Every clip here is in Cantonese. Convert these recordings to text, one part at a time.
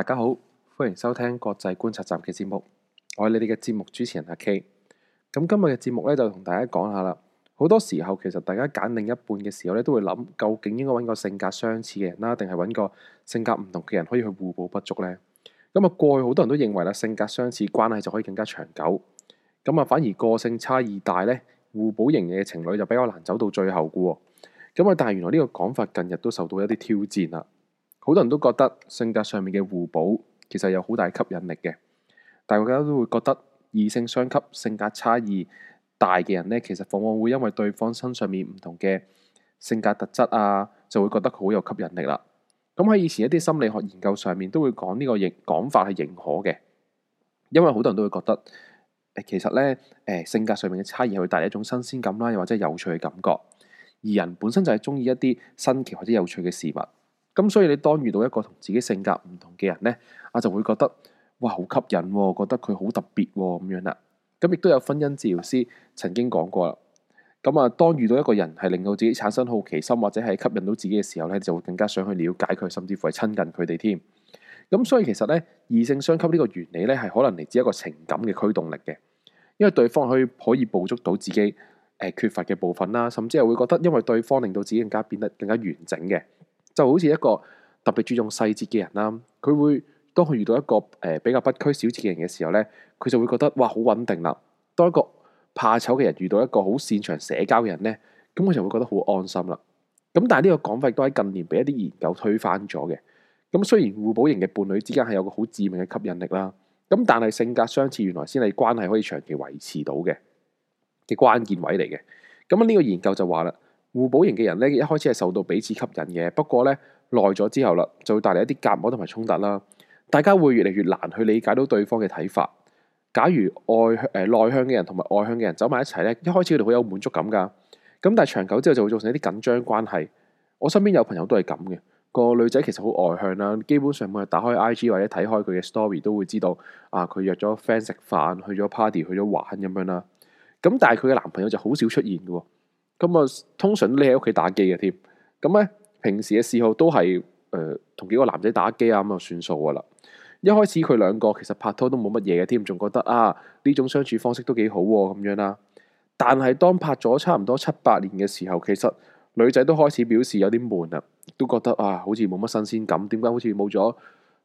大家好，歡迎收聽國際觀察站嘅節目，我係你哋嘅節目主持人阿 K。咁今日嘅節目咧就同大家講下啦。好多時候其實大家揀另一半嘅時候咧都會諗，究竟應該揾個性格相似嘅人啦，定係揾個性格唔同嘅人可以去互補不足呢？咁啊過去好多人都認為啦，性格相似關係就可以更加長久。咁啊反而個性差異大呢，互補型嘅情侶就比較難走到最後噶。咁啊但係原來呢個講法近日都受到一啲挑戰啦。好多人都覺得性格上面嘅互補其實有好大吸引力嘅，但係大家都會覺得異性相吸，性格差異大嘅人咧，其實往往會因為對方身上面唔同嘅性格特質啊，就會覺得佢好有吸引力啦。咁喺以前一啲心理學研究上面都會講呢個認講法係認可嘅，因為好多人都會覺得，呃、其實咧誒、呃、性格上面嘅差異係會帶嚟一種新鮮感啦，又或者有趣嘅感覺，而人本身就係中意一啲新奇或者有趣嘅事物。咁所以你當遇到一個同自己性格唔同嘅人呢，啊就會覺得哇好吸引、喎，覺得佢好特別喎，咁樣啦。咁亦都有婚姻治療師曾經講過啦。咁啊，當遇到一個人係令到自己產生好奇心，或者係吸引到自己嘅時候呢，就會更加想去了解佢，甚至乎係親近佢哋添。咁所以其實呢，異性相吸呢個原理呢，係可能嚟自一個情感嘅驅動力嘅，因為對方去可以補足到自己，呃、缺乏嘅部分啦，甚至係會覺得因為對方令到自己更加變得更加完整嘅。就好似一個特別注重細節嘅人啦，佢會當佢遇到一個誒、呃、比較不拘小節嘅人嘅時候呢，佢就會覺得哇，好穩定啦。當一個怕醜嘅人遇到一個好擅長社交嘅人呢，咁佢就會覺得好安心啦。咁但係呢個講法亦都喺近年俾一啲研究推翻咗嘅。咁雖然互補型嘅伴侶之間係有個好致命嘅吸引力啦，咁但係性格相似原來先係關係可以長期維持到嘅嘅關鍵位嚟嘅。咁呢個研究就話啦。互補型嘅人咧，一開始係受到彼此吸引嘅，不過咧耐咗之後啦，就會帶嚟一啲隔膜同埋衝突啦。大家會越嚟越難去理解到對方嘅睇法。假如、呃、向外向誒內向嘅人同埋外向嘅人走埋一齊咧，一開始佢哋好有滿足感噶，咁但係長久之後就會造成一啲緊張關係。我身邊有朋友都係咁嘅，那個女仔其實好外向啦，基本上每日打開 I G 或者睇開佢嘅 Story 都會知道，啊佢約咗 friend 食飯，去咗 party，去咗玩咁樣啦。咁但係佢嘅男朋友就好少出現嘅。咁啊，通常你喺屋企打機嘅添，咁咧平時嘅嗜好都係誒同幾個男仔打機啊，咁就算數噶啦。一開始佢兩個其實拍拖都冇乜嘢嘅添，仲覺得啊呢種相處方式都幾好喎，啊、咁樣啦。但係當拍咗差唔多七八年嘅時候，其實女仔都開始表示有啲悶啊，都覺得啊好似冇乜新鮮感，點解好似冇咗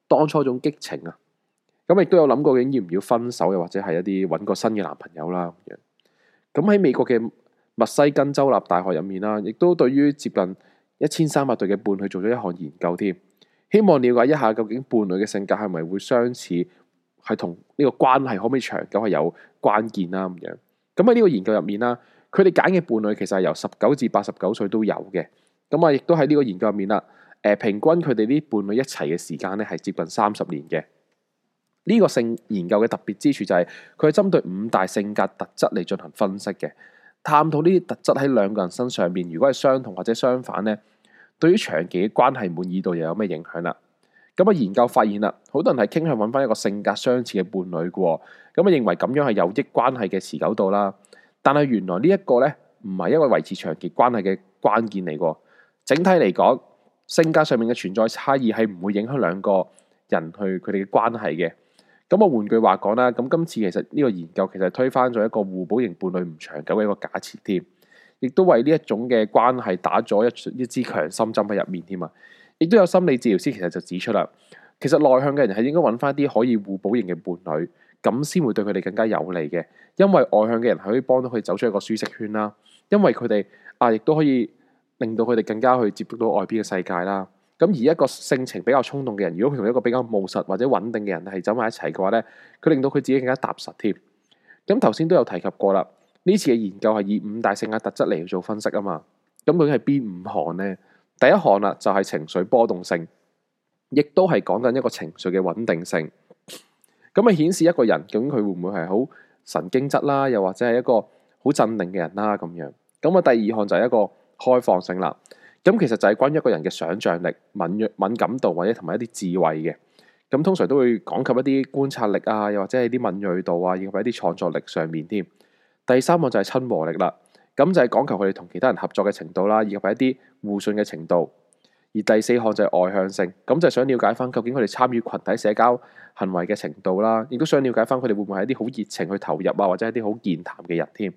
當初種激情啊？咁亦都有諗過究竟要唔要分手，又或者係一啲揾個新嘅男朋友啦。咁喺美國嘅。密西根州立大學入面啦，亦都對於接近一千三百對嘅伴侶做咗一項研究添，希望了解一下究竟伴侶嘅性格係咪會相似，係同呢個關係可唔可以長久係有關鍵啦咁樣。咁喺呢個研究入面啦，佢哋揀嘅伴侶其實係由十九至八十九歲都有嘅。咁啊，亦都喺呢個研究入面啦，誒、呃，平均佢哋啲伴侶一齊嘅時間咧係接近三十年嘅。呢、這個性研究嘅特別之處就係佢係針對五大性格特質嚟進行分析嘅。探討呢啲特質喺兩個人身上邊，如果係相同或者相反呢，對於長期嘅關係滿意度又有咩影響啦？咁啊，研究發現啦，好多人係傾向揾翻一個性格相似嘅伴侶嘅，咁啊，認為咁樣係有益關係嘅持久度啦。但係原來呢一個呢，唔係因為維持長期關係嘅關鍵嚟喎。整體嚟講，性格上面嘅存在差異係唔會影響兩個人去佢哋嘅關係嘅。咁我換句話講啦，咁今次其實呢個研究其實推翻咗一個互補型伴侶唔長久嘅一個假設添，亦都為呢一種嘅關係打咗一一支強心針喺入面添啊！亦都有心理治療師其實就指出啦，其實內向嘅人係應該揾翻啲可以互補型嘅伴侶，咁先會對佢哋更加有利嘅，因為外向嘅人係可以幫到佢走出一個舒適圈啦，因為佢哋啊亦都可以令到佢哋更加去接觸到外邊嘅世界啦。咁而一個性情比較衝動嘅人，如果佢同一個比較務實或者穩定嘅人係走埋一齊嘅話呢，佢令到佢自己更加踏實添。咁頭先都有提及過啦，呢次嘅研究係以五大性格特質嚟做分析啊嘛。咁究竟係邊五項呢？第一項啦，就係情緒波動性，亦都係講緊一個情緒嘅穩定性。咁啊顯示一個人，究竟佢會唔會係好神經質啦？又或者係一個好鎮定嘅人啦？咁樣。咁啊，第二項就係一個開放性啦。咁其實就係關於一個人嘅想象力、敏敏感度，或者同埋一啲智慧嘅。咁通常都會講及一啲觀察力啊，又或者係啲敏銳度啊，以及係一啲創作力上面添。第三項就係親和力啦，咁就係講求佢哋同其他人合作嘅程度啦，以及係一啲互信嘅程度。而第四項就係外向性，咁就係想了解翻究竟佢哋參與群體社交行為嘅程度啦，亦都想了解翻佢哋會唔會係一啲好熱情去投入啊，或者係一啲好健談嘅人添。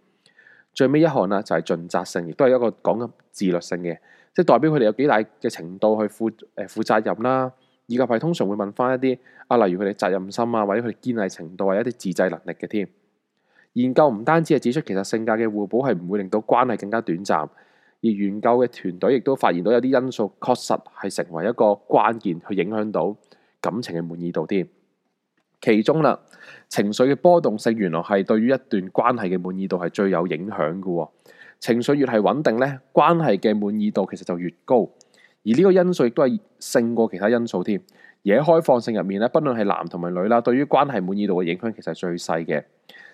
最尾一項啦，就係盡責性，亦都係一個講緊自律性嘅。即代表佢哋有幾大嘅程度去負誒負責任啦，以及係通常會問翻一啲啊，例如佢哋責任心啊，或者佢哋堅毅程度，或者啲自制能力嘅添。研究唔單止係指出其實性格嘅互補係唔會令到關係更加短暫，而研究嘅團隊亦都發現到有啲因素確實係成為一個關鍵去影響到感情嘅滿意度添。其中啦，情緒嘅波動性原來係對於一段關係嘅滿意度係最有影響㗎喎。情緒越係穩定咧，關係嘅滿意度其實就越高，而呢個因素亦都係勝過其他因素添。而喺開放性入面咧，不論係男同埋女啦，對於關係滿意度嘅影響其實最細嘅。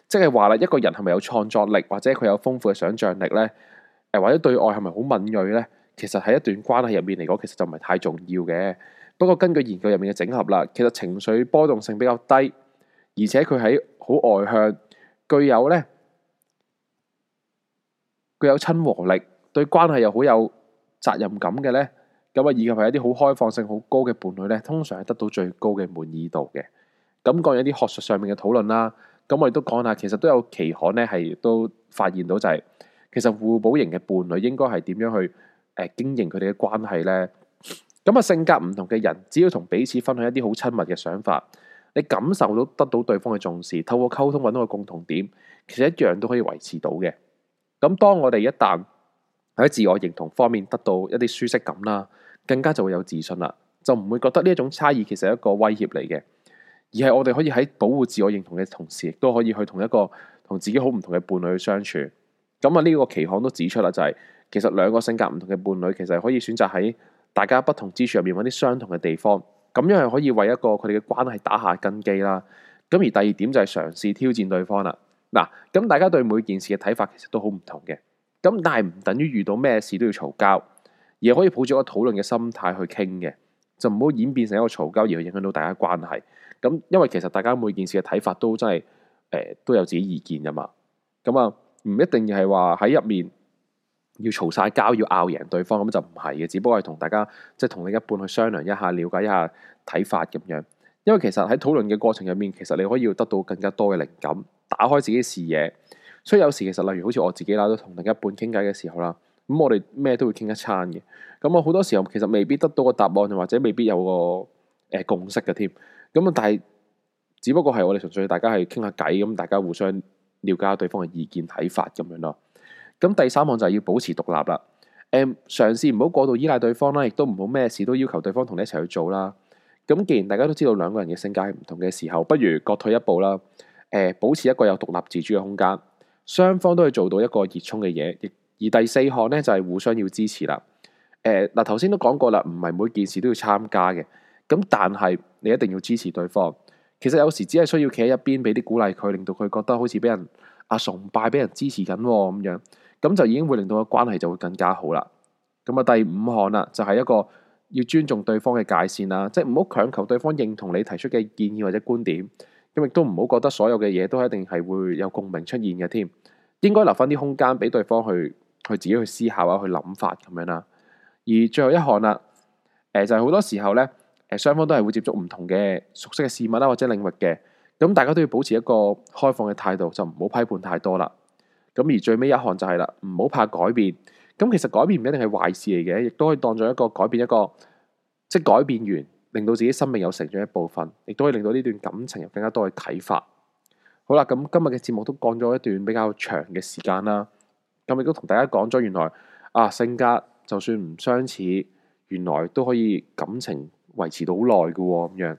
即係話啦，一個人係咪有創作力或者佢有豐富嘅想像力咧？誒，或者對外係咪好敏鋭咧？其實喺一段關係入面嚟講，其實就唔係太重要嘅。不過根據研究入面嘅整合啦，其實情緒波動性比較低，而且佢喺好外向，具有咧。佢有親和力，對關係又好有責任感嘅咧，咁啊，以及係一啲好開放性好高嘅伴侶咧，通常係得到最高嘅滿意度嘅。咁講有啲學術上面嘅討論啦，咁我哋都講下，其實都有期刊咧，係都發現到就係、是，其實互補型嘅伴侶應該係點樣去誒、呃、經營佢哋嘅關係咧？咁啊，性格唔同嘅人，只要同彼此分享一啲好親密嘅想法，你感受到得到對方嘅重視，透過溝通揾到個共同點，其實一樣都可以維持到嘅。咁當我哋一旦喺自我認同方面得到一啲舒適感啦，更加就會有自信啦，就唔會覺得呢一種差異其實係一個威脅嚟嘅，而係我哋可以喺保護自我認同嘅同時，亦都可以去同一個同自己好唔同嘅伴侶去相處。咁啊呢個期刊都指出啦、就是，就係其實兩個性格唔同嘅伴侶，其實可以選擇喺大家不同之處入面揾啲相同嘅地方，咁樣係可以為一個佢哋嘅關係打下根基啦。咁而第二點就係嘗試挑戰對方啦。嗱，咁大家對每件事嘅睇法其實都好唔同嘅，咁但係唔等於遇到咩事都要嘈交，而可以抱住一個討論嘅心態去傾嘅，就唔好演變成一個嘈交而去影響到大家關係。咁因為其實大家每件事嘅睇法都真係誒、呃、都有自己意見噶嘛，咁啊唔一定係話喺入面要嘈晒交要拗贏對方，咁就唔係嘅，只不過係同大家即係同另一半去商量一下、了解一下睇法咁樣。因為其實喺討論嘅過程入面，其實你可以得到更加多嘅靈感，打開自己視野。所以有時其實例如好似我自己啦，都同另一半傾偈嘅時候啦，咁我哋咩都會傾一餐嘅。咁我好多時候其實未必得到個答案，或者未必有個誒、呃、共識嘅添。咁但係只不過係我哋純粹大家係傾下偈，咁大家互相了解下對方嘅意見睇法咁樣咯。咁第三項就係要保持獨立啦。誒、呃，嘗試唔好過度依賴對方啦，亦都唔好咩事都要求對方同你一齊去做啦。咁既然大家都知道兩個人嘅性格係唔同嘅時候，不如各退一步啦。誒、呃，保持一個有獨立自主嘅空間，雙方都可以做到一個熱衷嘅嘢。而第四項呢，就係、是、互相要支持啦。誒、呃，嗱頭先都講過啦，唔係每件事都要參加嘅。咁但係你一定要支持對方。其實有時只係需要企喺一邊，俾啲鼓勵佢，令到佢覺得好似俾人啊崇拜，俾人支持緊咁、啊、樣，咁就已經會令到個關係就會更加好啦。咁啊，第五項啦，就係、是、一個。要尊重對方嘅界線啦，即係唔好強求對方認同你提出嘅建議或者觀點，咁亦都唔好覺得所有嘅嘢都一定係會有共鳴出現嘅添。應該留返啲空間俾對方去去自己去思考啊，去諗法咁樣啦。而最後一項啦，誒就係好多時候咧，誒雙方都係會接觸唔同嘅熟悉嘅事物啦，或者領域嘅，咁大家都要保持一個開放嘅態度，就唔好批判太多啦。咁而最尾一項就係啦，唔好怕改變。咁其實改變唔一定係壞事嚟嘅，亦都可以當做一個改變一個，即改變完，令到自己生命有成長一部分，亦都可以令到呢段感情有更加多嘅睇法。好啦，咁今日嘅節目都講咗一段比較長嘅時間啦，咁亦都同大家講咗原來啊性格就算唔相似，原來都可以感情維持到好耐嘅咁樣。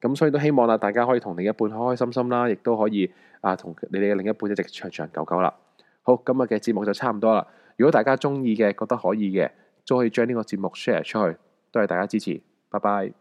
咁所以都希望啦，大家可以同另一半開開心心啦，亦都可以啊同你哋嘅另一半一直長長久久啦。好，今日嘅節目就差唔多啦。如果大家鍾意嘅，覺得可以嘅，都可以將呢個節目 share 出去，多謝大家支持。拜拜。